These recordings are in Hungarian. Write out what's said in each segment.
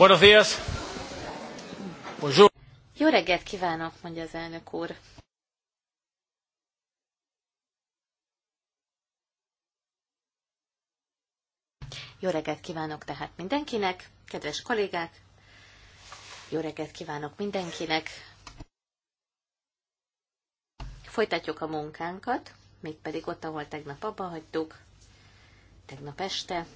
Buenos días. Bonjour. Jó reggelt kívánok, mondja az elnök úr. Jó reggelt kívánok tehát mindenkinek, kedves kollégák. Jó reggelt kívánok mindenkinek. Folytatjuk a munkánkat, mégpedig ott, ahol tegnap abba hagytuk, tegnap este,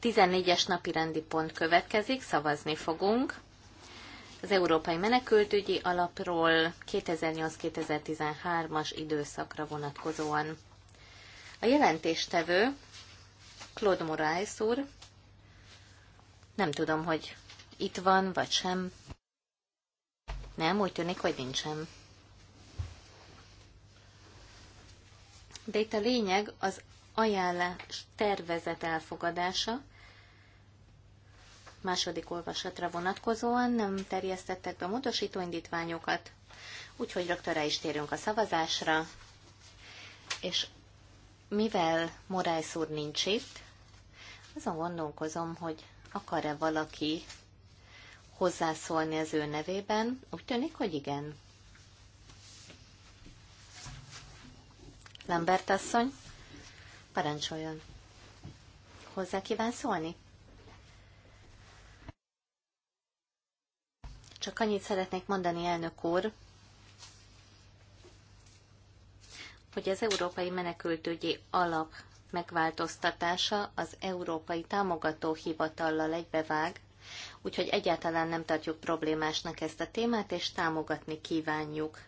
14-es napi rendi pont következik, szavazni fogunk. Az Európai Menekültügyi Alapról 2008-2013-as időszakra vonatkozóan. A jelentéstevő Claude Moraes úr, nem tudom, hogy itt van vagy sem. Nem, úgy tűnik, hogy nincsen. De itt a lényeg az ajánlás tervezet elfogadása második olvasatra vonatkozóan nem terjesztettek be módosító indítványokat, úgyhogy rögtön rá is térünk a szavazásra, és mivel Morász úr nincs itt, azon gondolkozom, hogy akar-e valaki hozzászólni az ő nevében. Úgy tűnik, hogy igen. Lambert asszony. Parancsoljon. Hozzá kíván szólni? Csak annyit szeretnék mondani, elnök úr, hogy az Európai Menekültügyi Alap megváltoztatása az Európai Támogató Hivatallal egybevág, úgyhogy egyáltalán nem tartjuk problémásnak ezt a témát, és támogatni kívánjuk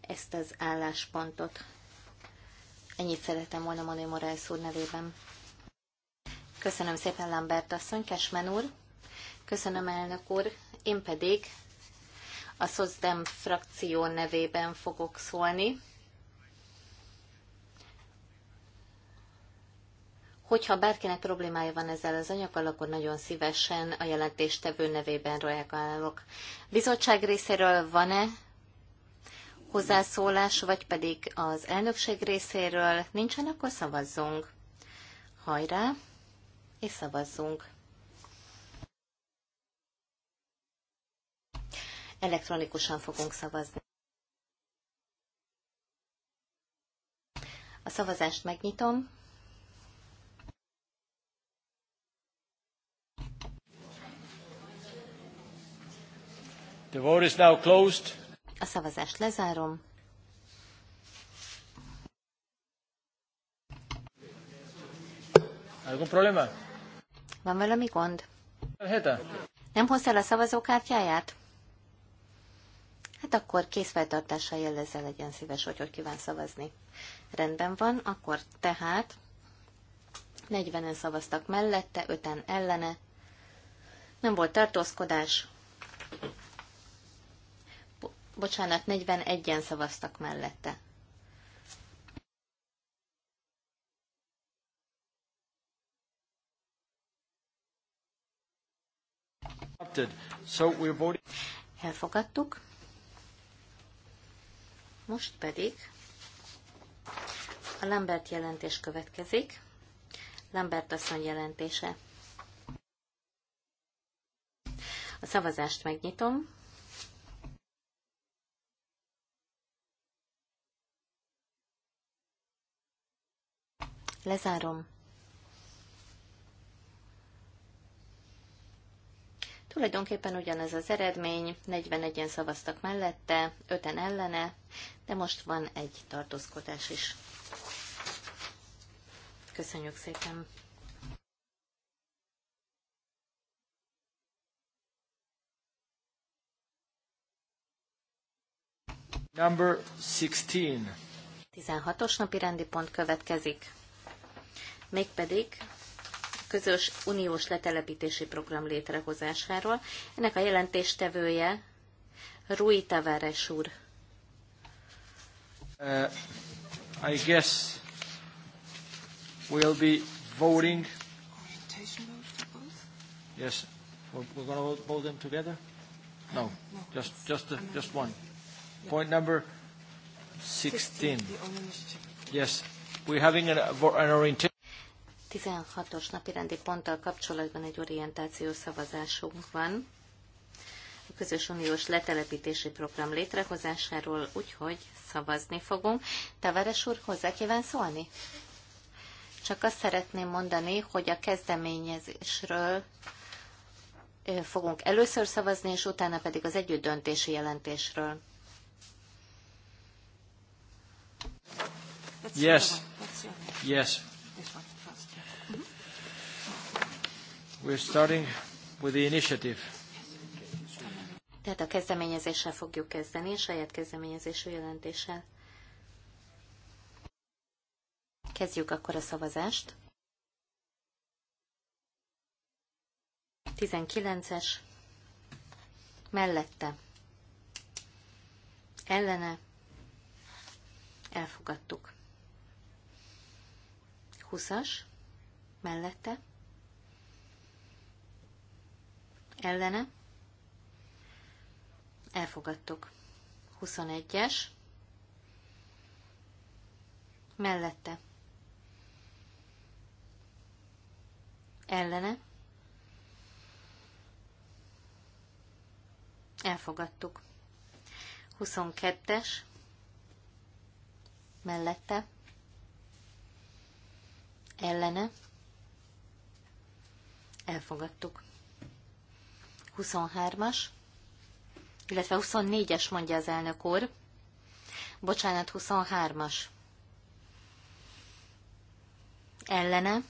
ezt az álláspontot. Ennyit szeretem volna mondani Morales úr nevében. Köszönöm szépen Lambert asszony, Kesmen úr. Köszönöm elnök úr. Én pedig a SZOZDEM frakció nevében fogok szólni. Hogyha bárkinek problémája van ezzel az anyaggal, akkor nagyon szívesen a jelentéstevő nevében reagálok. Bizottság részéről van-e hozzászólás, vagy pedig az elnökség részéről nincsen, akkor szavazzunk. Hajrá, és szavazzunk. Elektronikusan fogunk szavazni. A szavazást megnyitom. The vote is now closed. A szavazást lezárom. Algún problema? Van valami gond? Heta. Nem hozta el a szavazókártyáját? Hát akkor készfeltartással jelezze legyen szíves, hogy hogy kíván szavazni. Rendben van, akkor tehát 40-en szavaztak mellette, 5-en ellene. Nem volt tartózkodás, bocsánat, 41-en szavaztak mellette. Elfogadtuk. Most pedig a Lambert jelentés következik. Lambert asszony jelentése. A szavazást megnyitom. Lezárom. Tulajdonképpen ugyanez az eredmény, 41-en szavaztak mellette, 5-en ellene, de most van egy tartózkodás is. Köszönjük szépen! Number 16. 16-os napi rendi pont következik mégpedig közös uniós letelepítési program létrehozásáról. Ennek a jelentéstevője Rui Tavares úr. Uh, I guess we'll be voting. Yes, we're, going to vote them together. No, just just uh, just one. Point number 16. Yes, we're having an, an orientation. 16-os napirendi ponttal kapcsolatban egy orientációs szavazásunk van a közös uniós letelepítési program létrehozásáról, úgyhogy szavazni fogunk. Tavares úr, hozzá kíván szólni? Csak azt szeretném mondani, hogy a kezdeményezésről fogunk először szavazni, és utána pedig az együtt döntési jelentésről. Yes. Yes. We're starting with the initiative. Tehát a kezdeményezéssel fogjuk kezdeni, a saját kezdeményezésű jelentéssel. Kezdjük akkor a szavazást. 19-es. Mellette. Ellene. Elfogadtuk. 20-as. Mellette ellene, elfogadtuk. 21-es, mellette, ellene, elfogadtuk. 22-es, mellette, ellene, elfogadtuk. 23-as, illetve 24-es mondja az elnök úr. Bocsánat, 23-as. Ellene.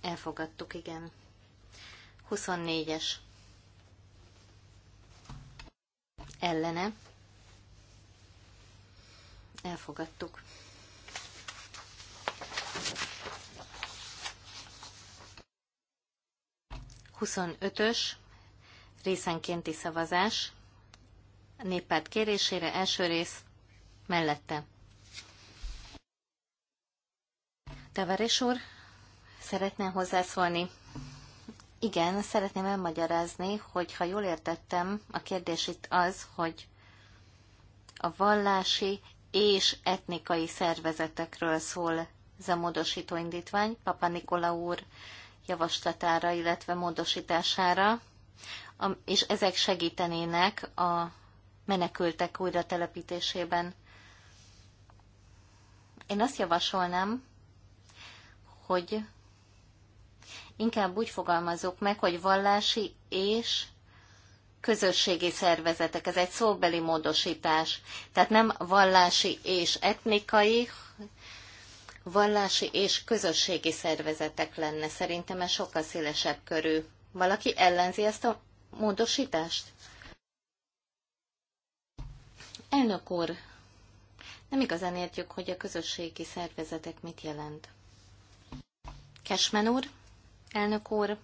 Elfogadtuk, igen. 24-es. Ellene. Elfogadtuk. 25-ös részenkénti szavazás a néppárt kérésére első rész mellette. Tavares úr, szeretne hozzászólni? Igen, szeretném elmagyarázni, hogy ha jól értettem, a kérdés itt az, hogy a vallási és etnikai szervezetekről szól ez a módosító indítvány. Papa Nikola úr javaslatára, illetve módosítására, és ezek segítenének a menekültek újra telepítésében. Én azt javasolnám, hogy inkább úgy fogalmazok meg, hogy vallási és közösségi szervezetek. Ez egy szóbeli módosítás. Tehát nem vallási és etnikai, vallási és közösségi szervezetek lenne. Szerintem ez sokkal szélesebb körű. Valaki ellenzi ezt a módosítást? Elnök úr, nem igazán értjük, hogy a közösségi szervezetek mit jelent. Kesmen úr, elnök úr,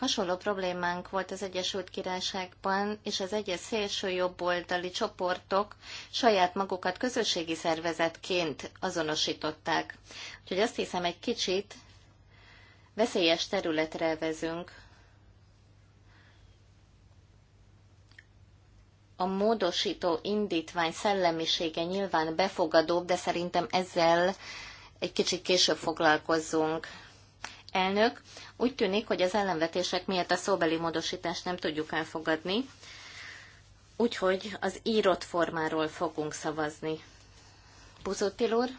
Hasonló problémánk volt az Egyesült Királyságban, és az egyes szélső jobboldali csoportok saját magukat közösségi szervezetként azonosították. Úgyhogy azt hiszem, egy kicsit veszélyes területre vezünk. A módosító indítvány szellemisége nyilván befogadóbb, de szerintem ezzel egy kicsit később foglalkozzunk. Elnök, úgy tűnik, hogy az ellenvetések miatt a szóbeli módosítást nem tudjuk elfogadni, úgyhogy az írott formáról fogunk szavazni. Buzotil úr?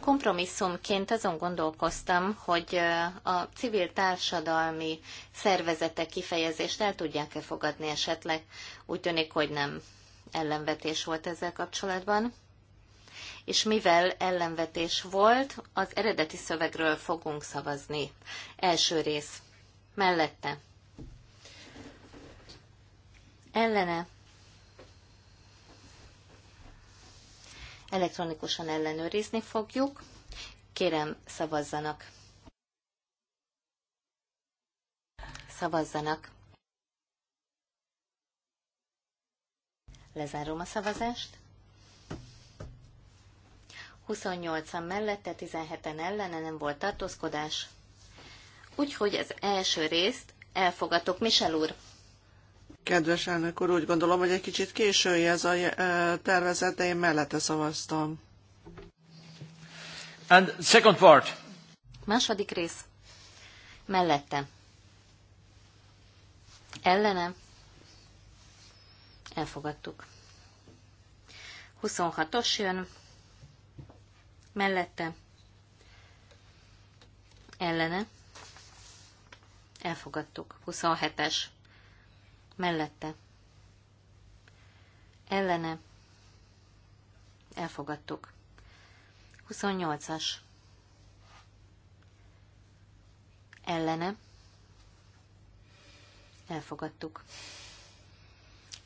kompromisszumként azon gondolkoztam, hogy a civil társadalmi szervezetek kifejezést el tudják-e fogadni esetleg. Úgy tűnik, hogy nem ellenvetés volt ezzel kapcsolatban és mivel ellenvetés volt, az eredeti szövegről fogunk szavazni. Első rész. Mellette. Ellene. Elektronikusan ellenőrizni fogjuk. Kérem, szavazzanak. Szavazzanak. Lezárom a szavazást. 28-an mellette, 17-en ellene nem volt tartózkodás. Úgyhogy az első részt elfogatok Michel úr. Kedves elnök úr, úgy gondolom, hogy egy kicsit késői ez a eh, tervezet, de én mellette szavaztam. And second part. Második rész. Mellette. Ellene. Elfogadtuk. 26-os jön mellette, ellene, elfogadtuk, 27-es, mellette, ellene, elfogadtuk, 28-as, ellene, elfogadtuk,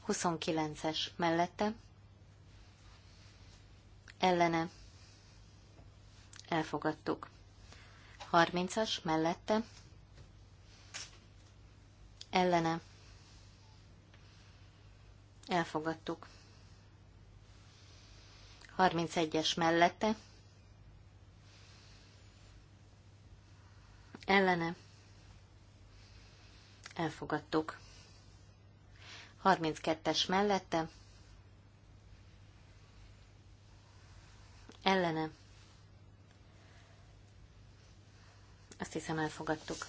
29-es, mellette, ellene, elfogadtuk. 30-as mellette, ellene, elfogadtuk. 31-es mellette, ellene, elfogadtuk. 32-es mellette, ellene, Azt hiszem elfogadtuk.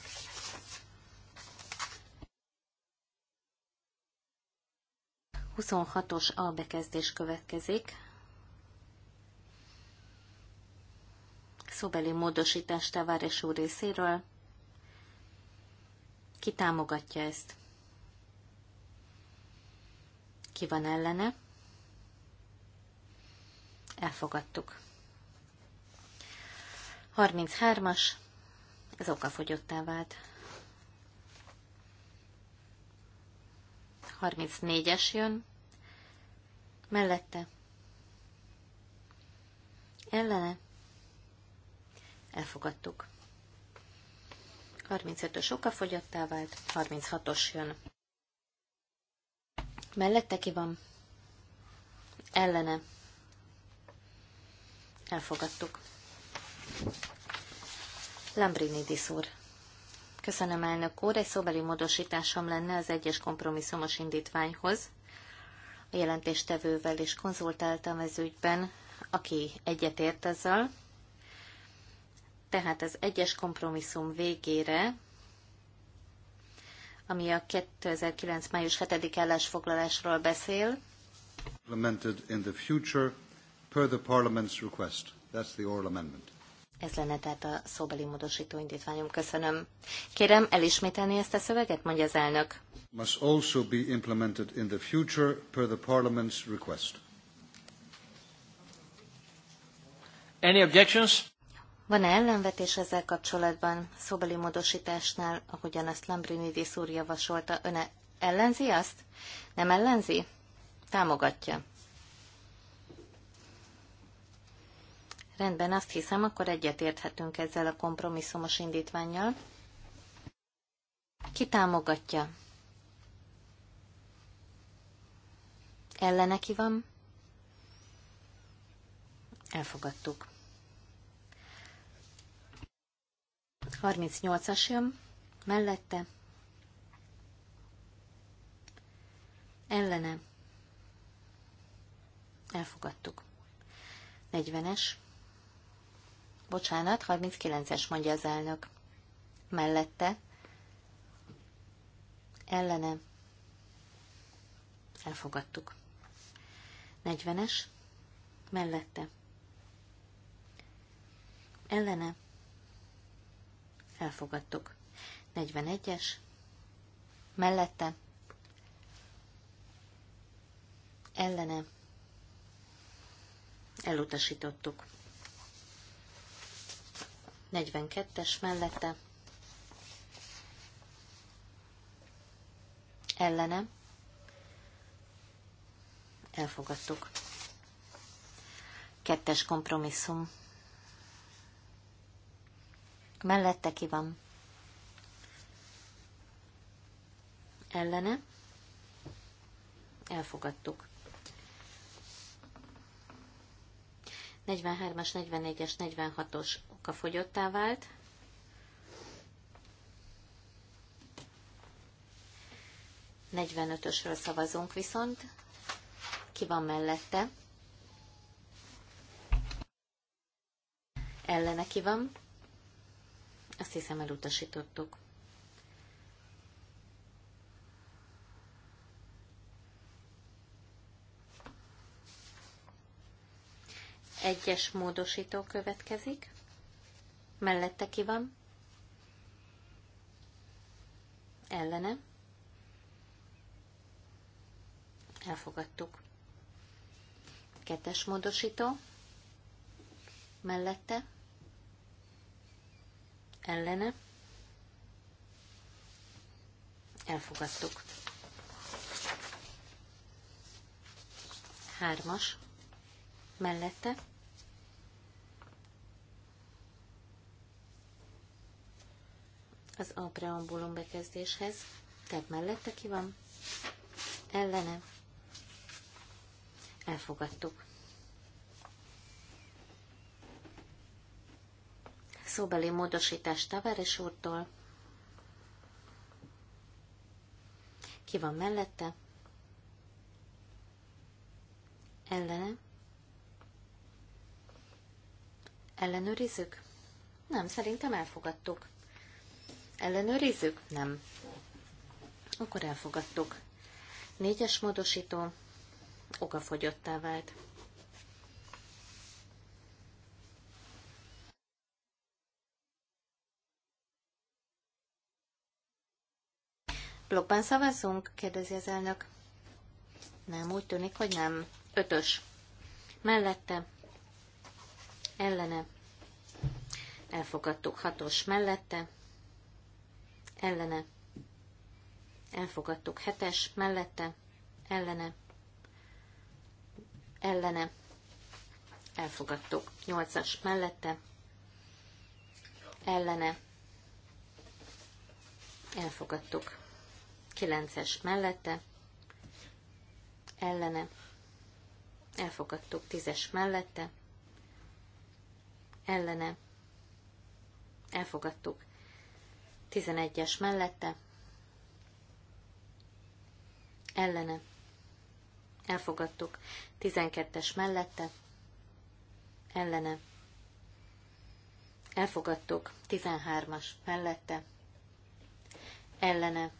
Huszonhatos A bekezdés következik. Szóbeli módosítás Tavares úr részéről. Ki támogatja ezt? Ki van ellene? Elfogadtuk. 33-as ez okafogyottá vált. 34-es jön. Mellette. Ellene. Elfogadtuk. 35-ös okafogyottá vált. 36-os jön. Mellette ki van? Ellene. Elfogadtuk. Lambrinidis úr. Köszönöm, elnök úr. Egy szóbeli módosításom lenne az egyes kompromisszumos indítványhoz. A jelentéstevővel is konzultáltam ez ügyben, aki egyetért ezzel. Tehát az egyes kompromisszum végére, ami a 2009. május 7. állásfoglalásról beszél. Implemented in the future per the Parliament's request. That's the oral amendment. Ez lenne tehát a szóbeli módosító indítványom. Köszönöm. Kérem, elismételni ezt a szöveget, mondja az elnök. Must also be implemented in the future per the parliament's request. Any objections? Van-e ellenvetés ezzel kapcsolatban szóbeli módosításnál, ahogyan azt Lambrinidis úr javasolta? Ön ellenzi azt? Nem ellenzi? Támogatja. Rendben, azt hiszem, akkor egyetérthetünk ezzel a kompromisszumos indítványjal. Ki támogatja? Ellene ki van? Elfogadtuk. 38-as jön, mellette. Ellene. Elfogadtuk. 40-es bocsánat, 39-es mondja az elnök. Mellette, ellene, elfogadtuk. 40-es, mellette, ellene, elfogadtuk. 41-es, mellette, ellene, elutasítottuk. 42-es mellette ellene elfogadtuk. Kettes kompromisszum. Mellette ki van? Ellene elfogadtuk. 43-as, 44-es, 46-os fogyottá vált. Negyvenötösről szavazunk viszont. Ki van mellette? Ellene ki van? Azt hiszem elutasítottuk. egyes módosító következik. Mellette ki van? Ellene? Elfogadtuk. Kettes módosító? Mellette? Ellene? Elfogadtuk. Hármas? Mellette? az a preambulum bekezdéshez, tehát mellette ki van, ellene, elfogadtuk. Szóbeli módosítás Tavares úrtól, ki van mellette, ellene, ellenőrizzük? Nem, szerintem elfogadtuk. Ellenőrizzük? Nem. Akkor elfogadtuk. Négyes módosító okafogyottá vált. Blokkban szavazzunk? kérdezi az elnök. Nem, úgy tűnik, hogy nem. Ötös. Mellette. Ellene. Elfogadtuk hatos mellette ellene, elfogadtuk. Hetes mellette, ellene, ellene, elfogadtuk. Nyolcas mellette, ellene, elfogadtuk. Kilences mellette, ellene, elfogadtuk. Tízes mellette, ellene, elfogadtuk. 11-es mellette, ellene, elfogadtuk, 12-es mellette, ellene, elfogadtuk, 13-as mellette, ellene,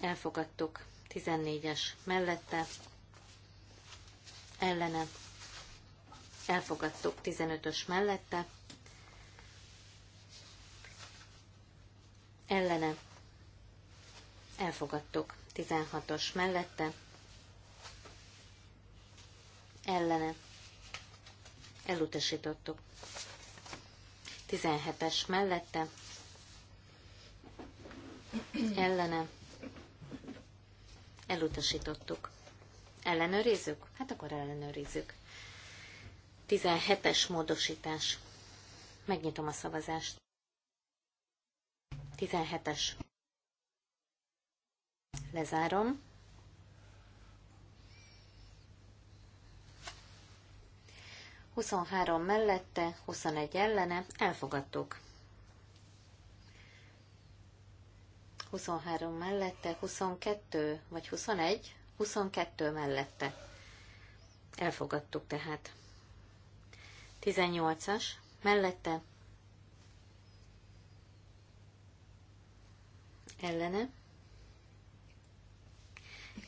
elfogadtuk, 14-es mellette, ellene, elfogadtuk, 15-ös mellette, ellene elfogadtuk. 16-os mellette ellene elutasítottuk. 17-es mellette ellene elutasítottuk. Ellenőrizzük? Hát akkor ellenőrizzük. 17-es módosítás. Megnyitom a szavazást. 17-es. Lezárom. Huszonhárom mellette, 21 ellene, elfogadtuk. 23 mellette, 22 vagy 21, 22 mellette. Elfogadtuk tehát. 18-as mellette, ellene.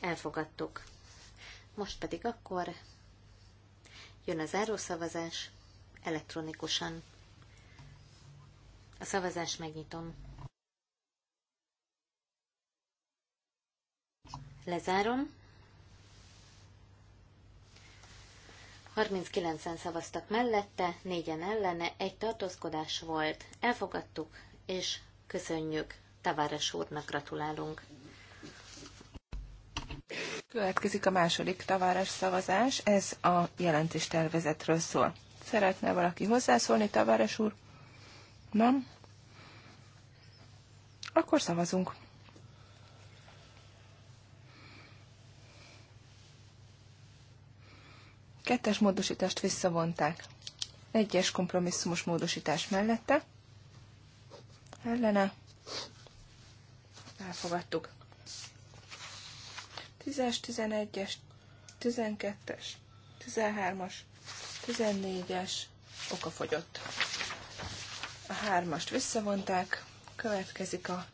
Elfogadtuk. Most pedig akkor jön a zárószavazás elektronikusan. A szavazást megnyitom. Lezárom. 39-en szavaztak mellette, négyen ellene, egy tartózkodás volt. Elfogadtuk, és köszönjük Tavares úrnak gratulálunk. Következik a második Tavares szavazás, ez a jelentéstervezetről szól. Szeretne valaki hozzászólni, Tavares úr? Nem? Akkor szavazunk. Kettes módosítást visszavonták. Egyes kompromisszumos módosítás mellette. Ellene elfogadtuk. 10-es, 11-es, 12-es, 13-as, 14-es oka fogyott. A 3-ast visszavonták, következik a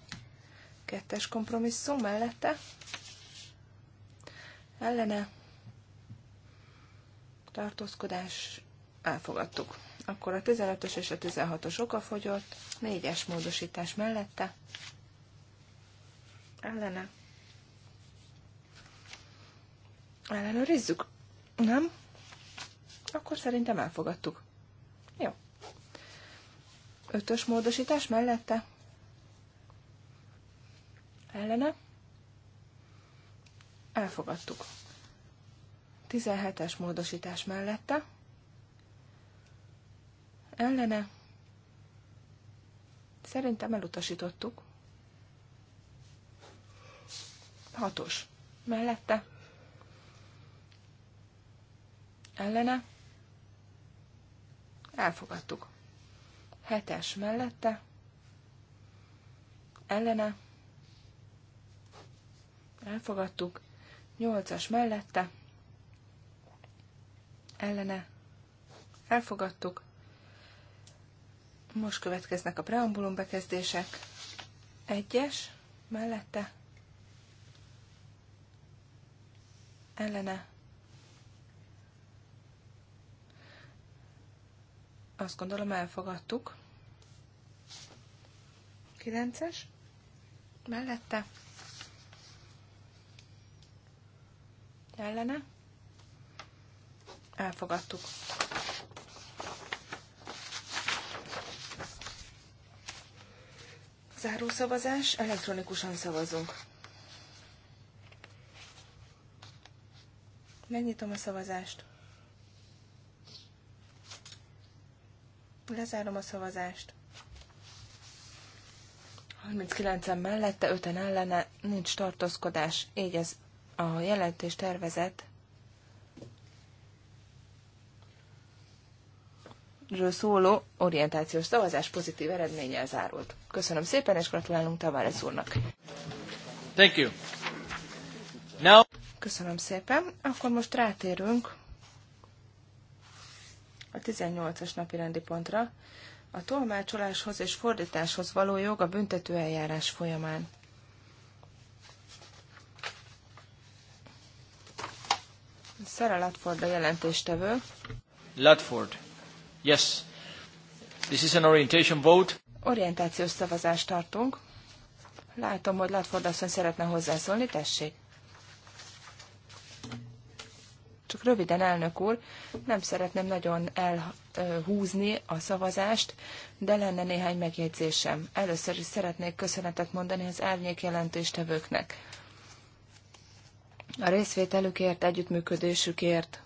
2-es kompromisszum mellette, ellene, tartózkodás, elfogadtuk. Akkor a 15-ös és a 16-os oka fogyott, 4-es módosítás mellette, ellene. Ellenőrizzük? Nem? Akkor szerintem elfogadtuk. Jó. Ötös módosítás mellette? Ellene? Elfogadtuk. 17-es módosítás mellette? Ellene? Szerintem elutasítottuk. Hatos. Mellette. Ellene. Elfogadtuk. Hetes mellette. Ellene. Elfogadtuk. Nyolcas mellette. Ellene. Elfogadtuk. Most következnek a preambulum bekezdések. Egyes mellette ellene. Azt gondolom elfogadtuk. 9-es mellette. Ellene. Elfogadtuk. Zárószavazás, elektronikusan szavazunk. Megnyitom a szavazást. Lezárom a szavazást. 39-en mellette, 5-en ellene, nincs tartózkodás, így ez a jelentés tervezet ről szóló orientációs szavazás pozitív eredménnyel zárult. Köszönöm szépen, és gratulálunk Tavares úrnak. Thank you. Köszönöm szépen. Akkor most rátérünk a 18-as napi rendi pontra, a tolmácsoláshoz és fordításhoz való jog a büntető eljárás folyamán. Sarah Latford a jelentéstevő. Latford. Yes. This is an orientation vote. Orientációs szavazást tartunk. Látom, hogy Latford asszony szeretne hozzászólni, tessék. Csak röviden, elnök úr, nem szeretném nagyon elhúzni a szavazást, de lenne néhány megjegyzésem. Először is szeretnék köszönetet mondani az árnyék jelentéstevőknek. A részvételükért, együttműködésükért,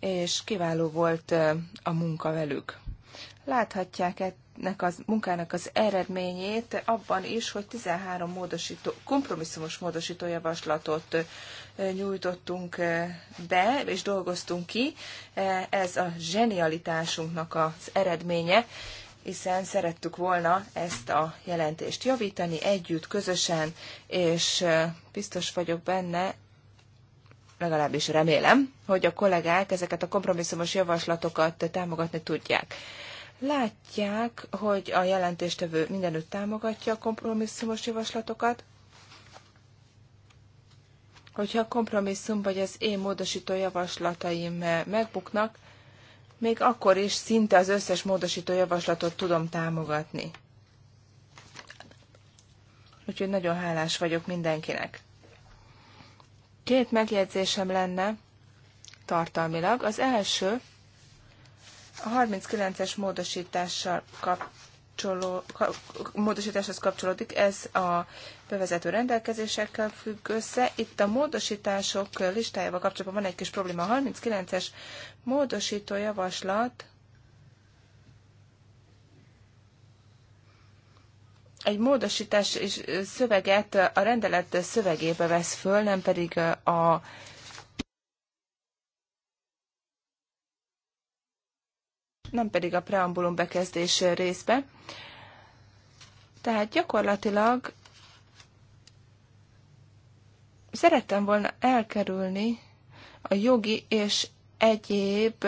és kiváló volt a munka velük. Láthatják ennek az munkának az eredményét abban is, hogy 13 módosító, kompromisszumos módosító javaslatot nyújtottunk be, és dolgoztunk ki. Ez a zsenialitásunknak az eredménye, hiszen szerettük volna ezt a jelentést javítani együtt, közösen, és biztos vagyok benne, legalábbis remélem, hogy a kollégák ezeket a kompromisszumos javaslatokat támogatni tudják. Látják, hogy a jelentéstevő mindenütt támogatja a kompromisszumos javaslatokat, hogyha a kompromisszum vagy az én módosító javaslataim eh, megbuknak, még akkor is szinte az összes módosító javaslatot tudom támogatni. Úgyhogy nagyon hálás vagyok mindenkinek. Két megjegyzésem lenne tartalmilag. Az első, a 39-es módosítással kapcsoló, módosításhoz kapcsolódik, ez a bevezető rendelkezésekkel függ össze. Itt a módosítások listájával kapcsolatban van egy kis probléma. A 39-es módosító javaslat egy módosítás és szöveget a rendelet szövegébe vesz föl, nem pedig a nem pedig a preambulum bekezdés részbe. Tehát gyakorlatilag szerettem volna elkerülni a jogi és egyéb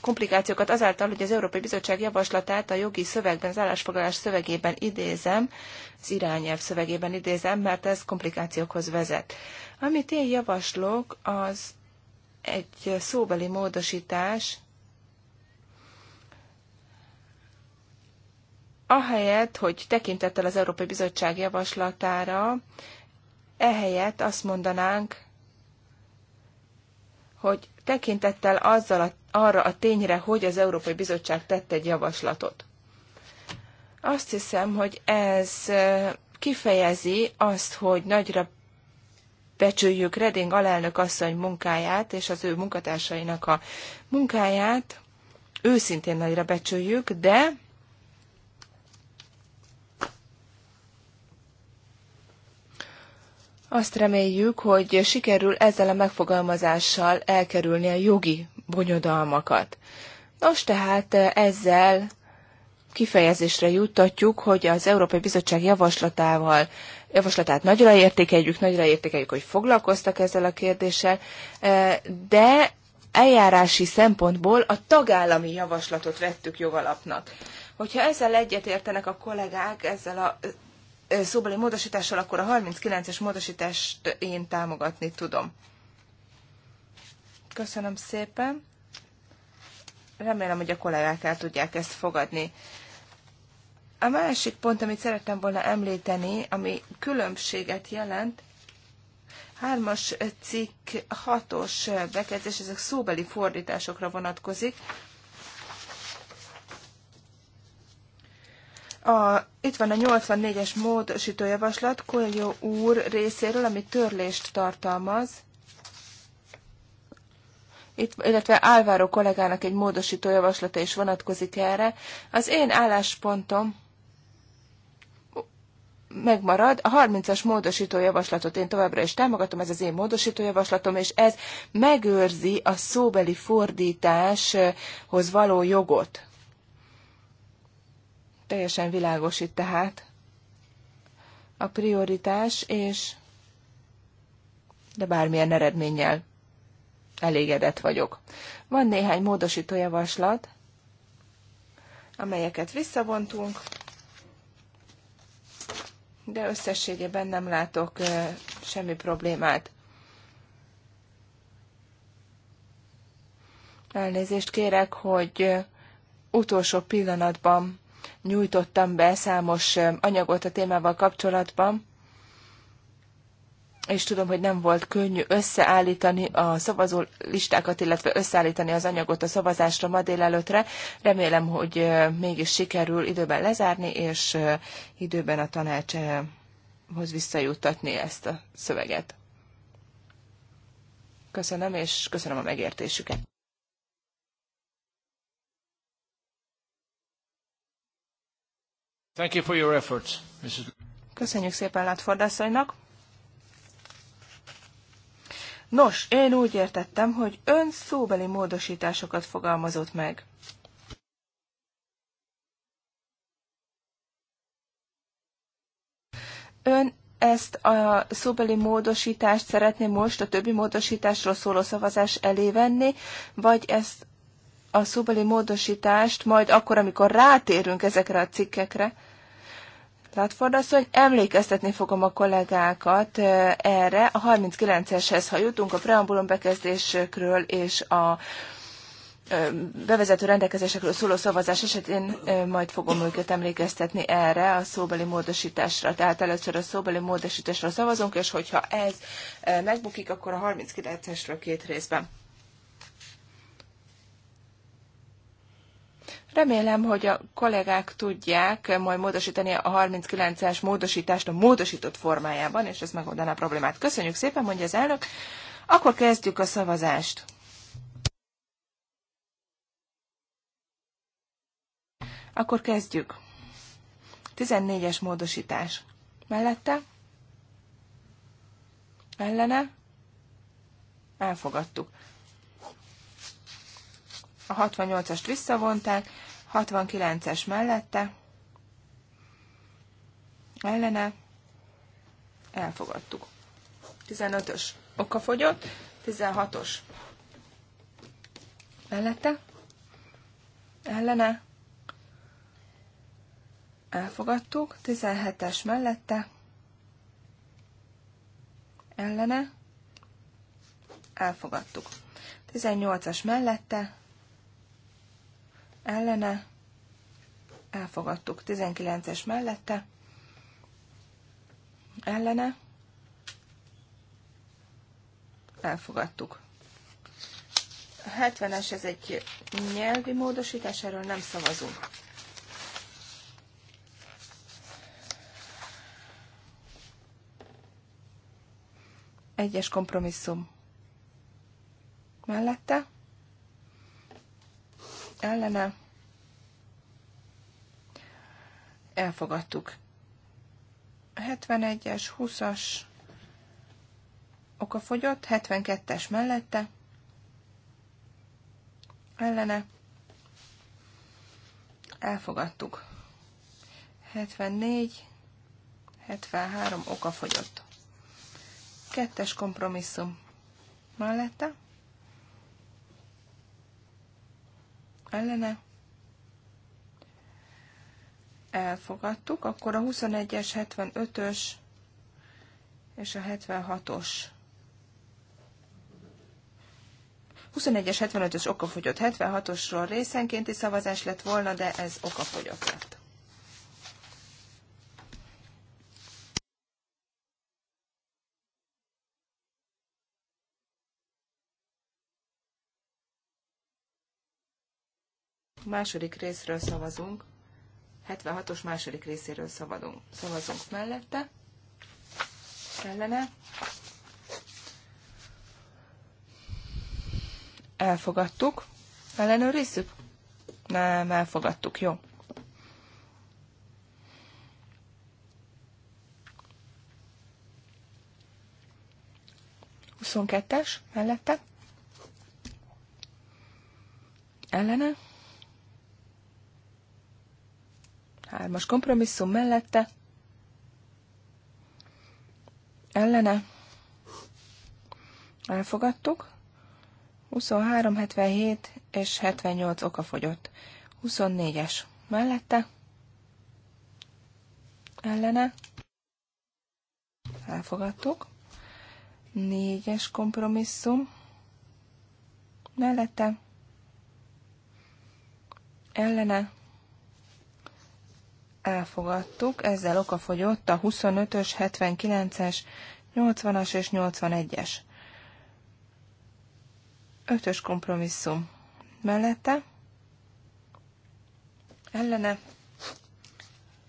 komplikációkat azáltal, hogy az Európai Bizottság javaslatát a jogi szövegben, az állásfoglalás szövegében idézem, az irányelv szövegében idézem, mert ez komplikációkhoz vezet. Amit én javaslok, az egy szóbeli módosítás ahelyett, hogy tekintettel az Európai Bizottság javaslatára, ehelyett azt mondanánk, hogy tekintettel azzal a, arra a tényre, hogy az Európai Bizottság tett egy javaslatot. Azt hiszem, hogy ez kifejezi azt, hogy nagyra becsüljük Reding alelnök asszony munkáját és az ő munkatársainak a munkáját. Őszintén nagyra becsüljük, de Azt reméljük, hogy sikerül ezzel a megfogalmazással elkerülni a jogi bonyodalmakat. Nos, tehát eh, ezzel kifejezésre juttatjuk, hogy az Európai Bizottság javaslatával javaslatát nagyra értékeljük, nagyra értékeljük, hogy foglalkoztak ezzel a kérdéssel, eh, de eljárási szempontból a tagállami javaslatot vettük jogalapnak. Hogyha ezzel egyetértenek a kollégák, ezzel a szóbeli módosítással, akkor a 39-es módosítást én támogatni tudom. Köszönöm szépen. Remélem, hogy a kollégák el tudják ezt fogadni. A másik pont, amit szerettem volna említeni, ami különbséget jelent, hármas cikk hatos bekezdés, ezek szóbeli fordításokra vonatkozik. A, itt van a 84-es módosítójavaslat Kolyó úr részéről, ami törlést tartalmaz. Itt, illetve Álváró kollégának egy módosítójavaslata is vonatkozik erre. Az én álláspontom megmarad. A 30-as módosítójavaslatot én továbbra is támogatom, ez az én módosítójavaslatom, és ez megőrzi a szóbeli fordításhoz való jogot. Teljesen világos itt tehát a prioritás, és de bármilyen eredménnyel elégedett vagyok. Van néhány módosító javaslat, amelyeket visszavontunk, de összességében nem látok semmi problémát. Elnézést kérek, hogy utolsó pillanatban nyújtottam be számos anyagot a témával kapcsolatban, és tudom, hogy nem volt könnyű összeállítani a szavazó listákat, illetve összeállítani az anyagot a szavazásra ma délelőtre. Remélem, hogy mégis sikerül időben lezárni, és időben a tanácshoz visszajuttatni ezt a szöveget. Köszönöm, és köszönöm a megértésüket. Thank you for your efforts, Mrs. Köszönjük szépen Látford asszonynak. Nos, én úgy értettem, hogy ön szóbeli módosításokat fogalmazott meg. Ön ezt a szóbeli módosítást szeretné most a többi módosításról szóló szavazás elé venni, vagy ezt a szóbeli módosítást majd akkor, amikor rátérünk ezekre a cikkekre. Látford azt, hogy emlékeztetni fogom a kollégákat eh, erre, a 39-eshez, ha jutunk a preambulum bekezdésekről és a eh, bevezető rendelkezésekről szóló szavazás esetén eh, majd fogom őket emlékeztetni erre a szóbeli módosításra. Tehát először a szóbeli módosításra szavazunk, és hogyha ez megbukik, akkor a 39-esről két részben. Remélem, hogy a kollégák tudják majd módosítani a 39-es módosítást a módosított formájában, és ez megoldaná a problémát. Köszönjük szépen, mondja az elnök. Akkor kezdjük a szavazást. Akkor kezdjük. 14-es módosítás. Mellette? Ellene? Elfogadtuk a 68-ast visszavonták, 69-es mellette, ellene, elfogadtuk. 15-ös okafogyott, 16-os mellette, ellene, elfogadtuk, 17-es mellette, ellene, elfogadtuk. 18-as mellette, ellene, elfogadtuk. 19-es mellette, ellene, elfogadtuk. A 70-es ez egy nyelvi módosítás, erről nem szavazunk. Egyes kompromisszum mellette, ellene elfogadtuk. 71-es, 20-as oka fogyott, 72-es mellette ellene elfogadtuk. 74, 73 oka fogyott. Kettes kompromisszum mellette ellene. Elfogadtuk. Akkor a 21-es, 75-ös és a 76-os. 21-es, 75-ös okafogyott, 76-osról részenkénti szavazás lett volna, de ez okafogyott lett. második részről szavazunk, 76-os második részéről szavazunk, szavazunk mellette, ellene. Elfogadtuk. Ellenőrizzük? Nem, elfogadtuk, jó. Huszonkettes mellette. Ellene. Hármas kompromisszum mellette. Ellene. Elfogadtuk. 23, 77 és 78 oka fogyott. 24-es mellette. Ellene. Elfogadtuk. 4-es kompromisszum. Mellette. Ellene elfogadtuk, ezzel okafogyott a 25-ös, 79-es, 80-as és 81-es. ötös kompromisszum mellette, ellene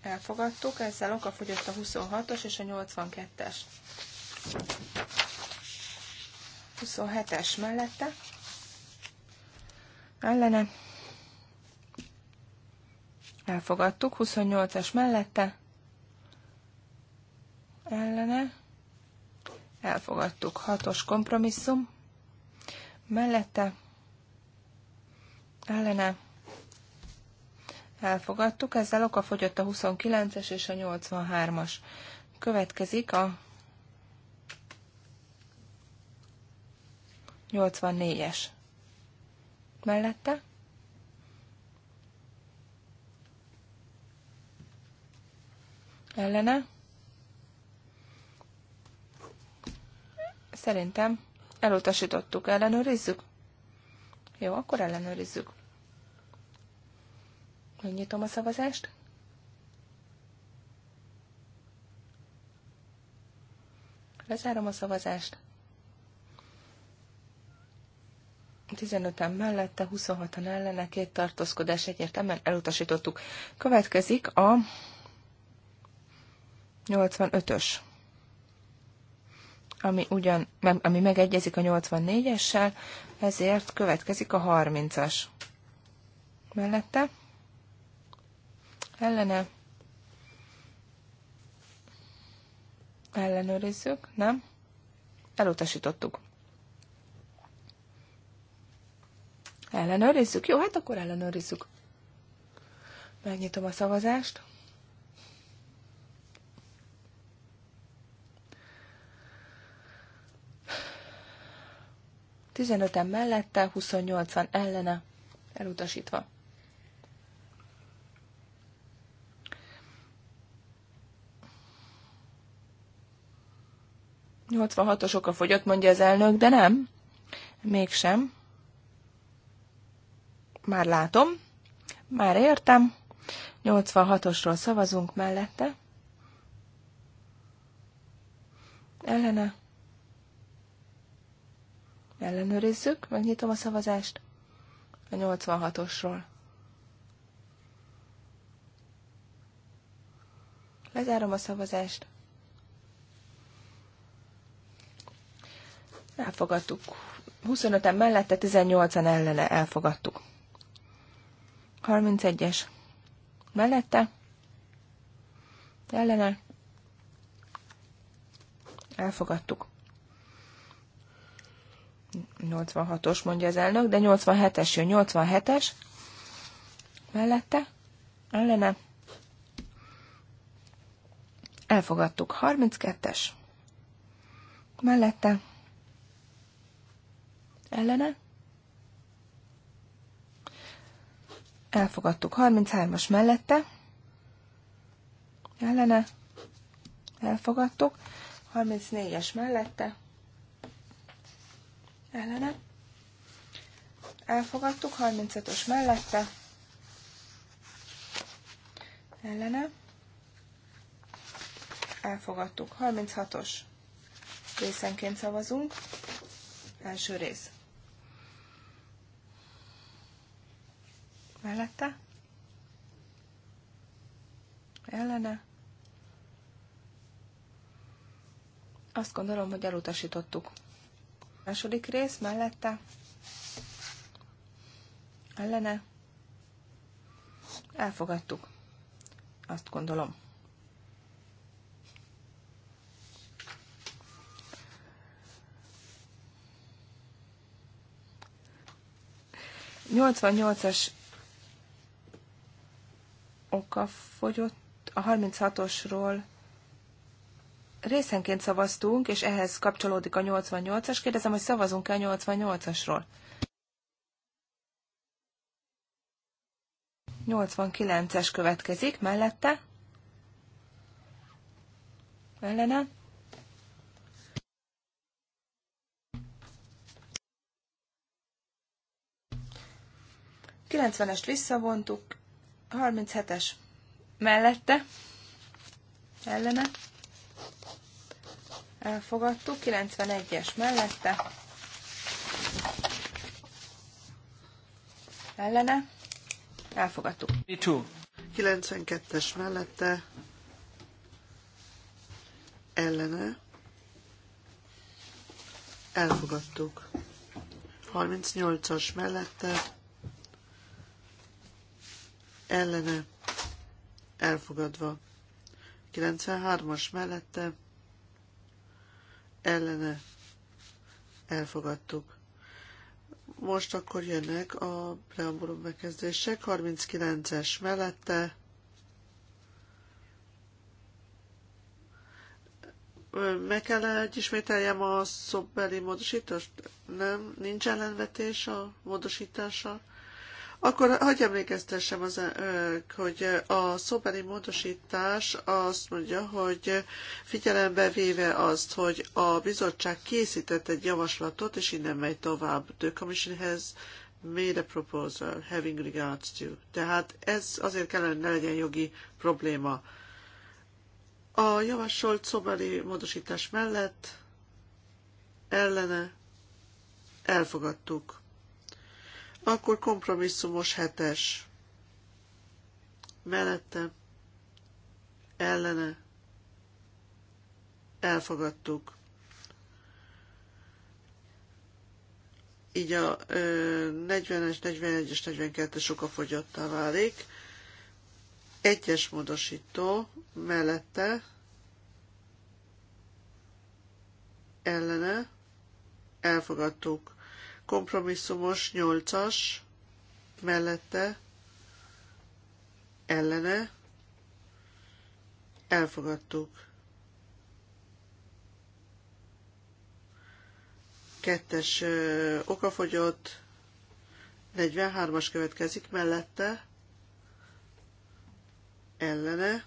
elfogadtuk, ezzel okafogyott a 26-os és a 82-es. 27-es mellette, ellene Elfogadtuk. 28-as mellette. Ellene. Elfogadtuk. 6-os kompromisszum. Mellette. Ellene. Elfogadtuk. Ezzel fogyott a 29-es és a 83-as. Következik a 84-es. Mellette ellene. Szerintem elutasítottuk, ellenőrizzük. Jó, akkor ellenőrizzük. Megnyitom a szavazást. Lezárom a szavazást. 15-en mellette, 26-an ellene, két tartózkodás egyértelműen elutasítottuk. Következik a 85-ös, ami, ugyan, ami megegyezik a 84-essel, ezért következik a 30-as. Mellette ellene ellenőrizzük, nem? Elutasítottuk. Ellenőrizzük? Jó, hát akkor ellenőrizzük. Megnyitom a szavazást. 15-en mellette, 28-an ellene, elutasítva. os oka fogyott, mondja az elnök, de nem. Mégsem. Már látom. Már értem. 86-osról szavazunk mellette. Ellene. Ellenőrizzük, megnyitom a szavazást a 86-osról. Lezárom a szavazást. Elfogadtuk. 25-en mellette, 18-an ellene elfogadtuk. 31-es. Mellette. Ellene. Elfogadtuk. 86-os, mondja az elnök, de 87-es jön, 87-es. Mellette? Ellene? Elfogadtuk. 32-es. Mellette? Ellene? Elfogadtuk. 33-as mellette? Ellene? Elfogadtuk. 34-es mellette? ellene. Elfogadtuk 35-ös mellette, ellene. Elfogadtuk 36-os részenként szavazunk. Első rész. Mellette. Ellene. Azt gondolom, hogy elutasítottuk. Második rész mellette. Ellene. Elfogadtuk. Azt gondolom. Nyolcvannyolcas oka fogyott, a 36-osról részenként szavaztunk, és ehhez kapcsolódik a 88-as. Kérdezem, hogy szavazunk-e a 88-asról? 89-es következik, mellette. Ellene. est visszavontuk, 37-es mellette, ellene elfogadtuk, 91-es mellette, ellene, elfogadtuk. 92-es mellette, ellene, elfogadtuk. 38-as mellette, ellene, elfogadva. 93-as mellette, ellene elfogadtuk. Most akkor jönnek a preambulum bekezdések, 39-es mellette, meg kell, egy ismételjem a szobbeli módosítást? Nem? Nincs ellenvetés a módosítással. Akkor hagyj emlékeztessem, az, hogy a szóbeli módosítás azt mondja, hogy figyelembe véve azt, hogy a bizottság készített egy javaslatot, és innen megy tovább. The Commission has made a proposal having regards to. Tehát ez azért kellene, hogy ne legyen jogi probléma. A javasolt szóbeli módosítás mellett ellene elfogadtuk. Akkor kompromisszumos hetes. Mellette, ellene, elfogadtuk. Így a 40-es, 41-es, 42-es fogyottá válik. Egyes módosító mellette, ellene, elfogadtuk kompromisszumos nyolcas mellette ellene elfogadtuk. Kettes okafogyott, 43-as következik mellette, ellene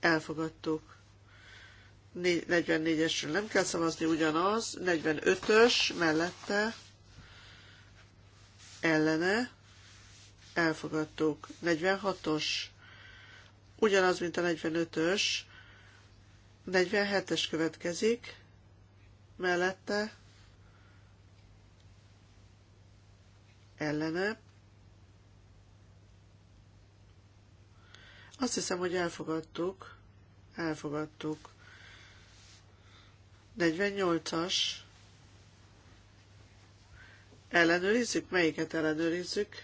elfogadtuk. 44-esről nem kell szavazni, ugyanaz, 45-ös mellette ellene elfogadtuk. 46-os ugyanaz, mint a 45-ös, 47-es következik, mellette ellene. Azt hiszem, hogy elfogadtuk. Elfogadtuk. 48-as. Ellenőrizzük? Melyiket ellenőrizzük?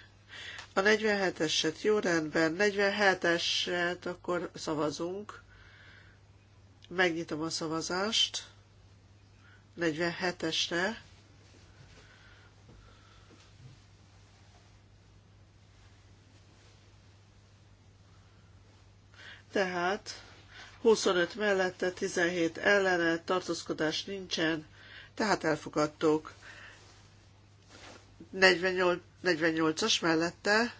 A 47-eset jó rendben, 47-eset akkor szavazunk. Megnyitom a szavazást. 47-esre. Tehát 25 mellette, 17 ellene, tartózkodás nincsen, tehát elfogadtuk. 48, 48-as mellette,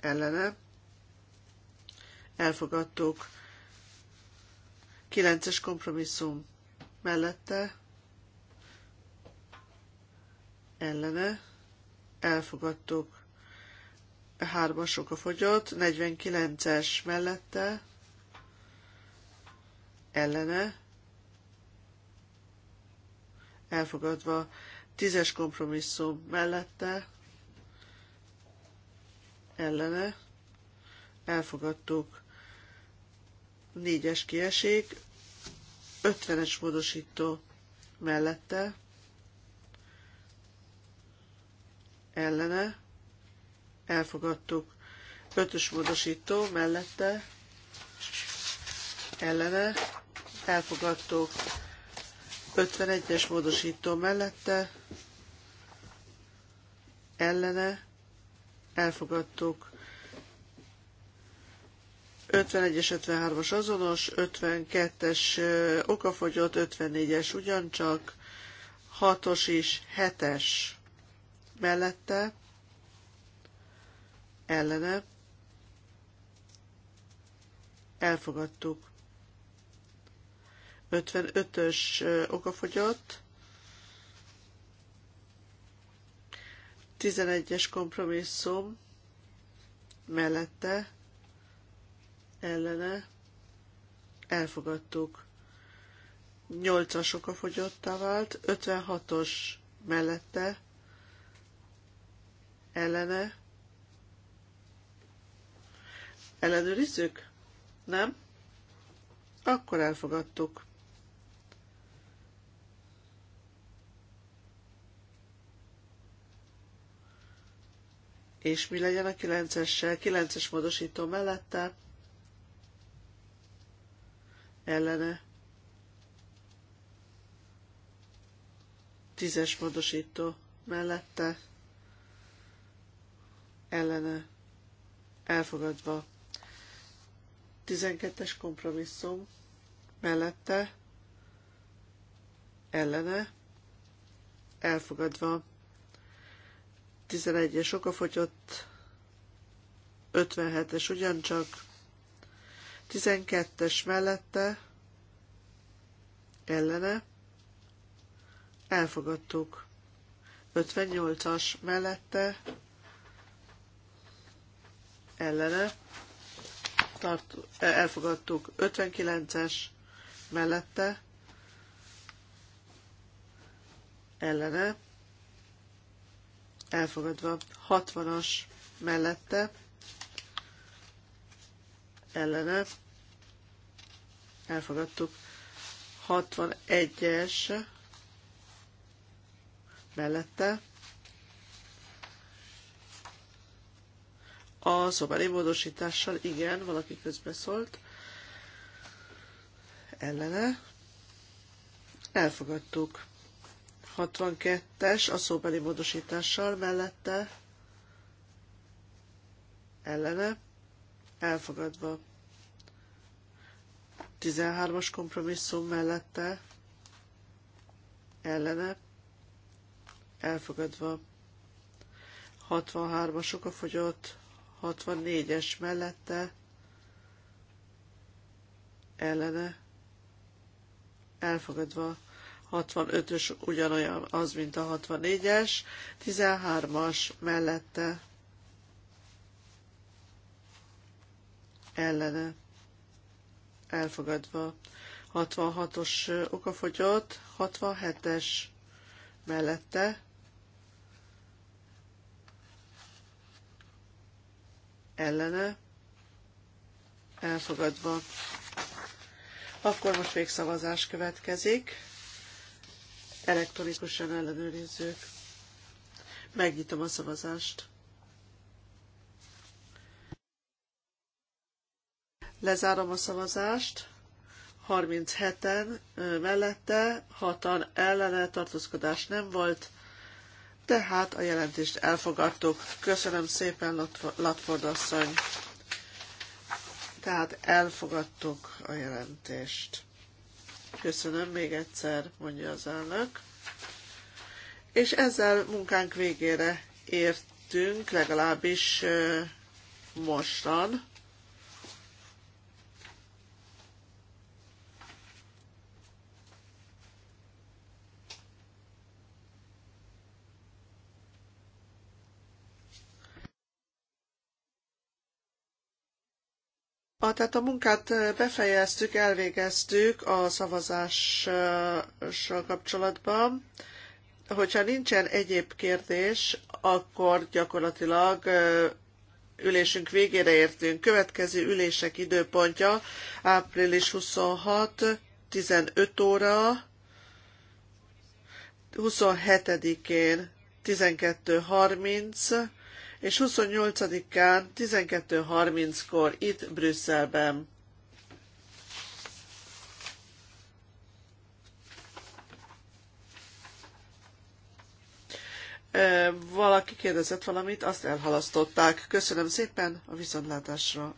ellene, elfogadtuk. 9-es kompromisszum mellette, ellene, elfogadtuk. 3-as fogyott, 49-es mellette, ellene elfogadva, tízes kompromisszum mellette ellene elfogadtuk, négyes kieség, ötvenes módosító mellette ellene elfogadtuk, ötös módosító mellette ellene elfogadtuk. 51-es módosító mellette, ellene, elfogadtuk. 51 es 53-as azonos, 52-es okafogyott, 54-es ugyancsak, 6-os is, 7-es mellette, ellene, elfogadtuk. 55-ös okafogyott, 11-es kompromisszum mellette, ellene elfogadtuk. 8-as okafogyottá vált, 56-os mellette, ellene. Ellenőrizzük? Nem? Akkor elfogadtuk. és mi legyen a 9-essel, 9-es módosító mellette, ellene, 10-es módosító mellette, ellene, elfogadva, 12-es kompromisszum mellette, ellene, elfogadva, 11-es okafogyott, 57-es ugyancsak, 12-es mellette, ellene, elfogadtuk. 58-as mellette, ellene, tart, e, elfogadtuk. 59-es mellette, ellene, elfogadva. 60-as mellette ellene elfogadtuk. 61-es mellette a szobeli módosítással, igen, valaki közbeszólt, ellene elfogadtuk. 62-es a szóbeli módosítással mellette ellene elfogadva. 13-as kompromisszum mellette ellene elfogadva. 63-as fogyott, 64-es mellette ellene elfogadva. 65-ös ugyanolyan az, mint a 64-es, 13-as mellette ellene elfogadva. 66-os okafogyott, 67-es mellette ellene elfogadva. Akkor most végszavazás következik. Elektronikusan ellenőrizzük. Megnyitom a szavazást. Lezárom a szavazást. 37-en mellette, 6-an ellene tartózkodás nem volt, tehát a jelentést elfogadtuk. Köszönöm szépen, Latford asszony. Tehát elfogadtuk a jelentést. Köszönöm még egyszer, mondja az elnök. És ezzel munkánk végére értünk, legalábbis mostan. a, tehát a munkát befejeztük, elvégeztük a szavazással kapcsolatban. Hogyha nincsen egyéb kérdés, akkor gyakorlatilag ülésünk végére értünk. Következő ülések időpontja április 26, 15 óra, 27-én 12.30, és 28-án 12.30-kor itt Brüsszelben. Valaki kérdezett valamit, azt elhalasztották. Köszönöm szépen a viszontlátásra.